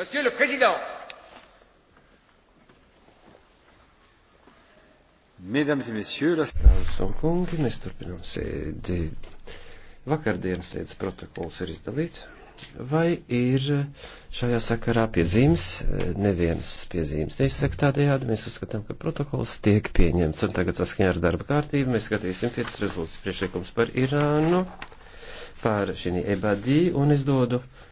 Monsieur le Président, Mesdames et Messieurs, las... un kungi, mēs turpinām sēdi. Vakardienas sēdes protokols ir izdalīts. Vai ir šajā sakarā piezīmes? Nevienas piezīmes neizsaka tādējādi. Mēs uzskatām, ka protokols tiek pieņemts. Un tagad saskaņā ar darba kārtību mēs skatīsim piecas rezolūcijas priekšlikums par Irānu, par šī ebadī, un es dodu